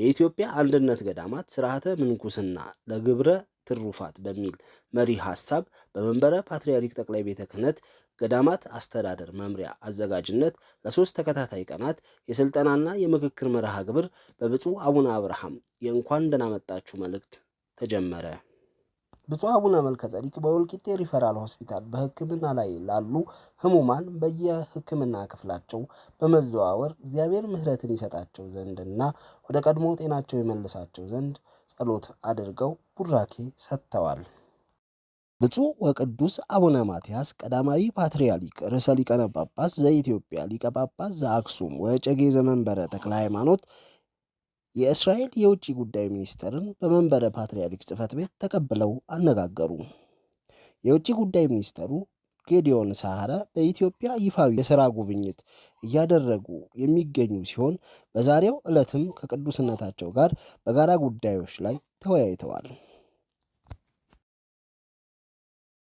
የኢትዮጵያ አንድነት ገዳማት ስርዓተ ምንኩስና ለግብረ ትሩፋት በሚል መሪ ሀሳብ በመንበረ ፓትርያርክ ጠቅላይ ቤተ ክህነት ገዳማት አስተዳደር መምሪያ አዘጋጅነት ለሶስት ተከታታይ ቀናት የስልጠናና የምክክር መርሃ ግብር በብፁዕ አቡነ አብርሃም የእንኳን ደህና መጣችሁ መልእክት ተጀመረ። ብፁዕ አቡነ መልከ በወልቂጤ ሪፈራል ሆስፒታል በሕክምና ላይ ላሉ ህሙማን በየሕክምና ክፍላቸው በመዘዋወር እግዚአብሔር ምሕረትን ይሰጣቸው ዘንድና ወደ ቀድሞ ጤናቸው የመልሳቸው ዘንድ ጸሎት አድርገው ቡራኬ ሰጥተዋል። ብፁዕ ወቅዱስ አቡነ ማትያስ ቀዳማዊ ፓትርያርክ ርዕሰ ሊቃነ ጳጳስ ዘኢትዮጵያ ሊቀ ጳጳስ ዘአክሱም ወጨጌ ዘመንበረ ተክለ ሃይማኖት የእስራኤል የውጭ ጉዳይ ሚኒስትርን በመንበረ ፓትርያርክ ጽፈት ቤት ተቀብለው አነጋገሩ። የውጭ ጉዳይ ሚኒስትሩ ጌዲዮን ሳሐረ በኢትዮጵያ ይፋዊ የሥራ ጉብኝት እያደረጉ የሚገኙ ሲሆን በዛሬው ዕለትም ከቅዱስነታቸው ጋር በጋራ ጉዳዮች ላይ ተወያይተዋል።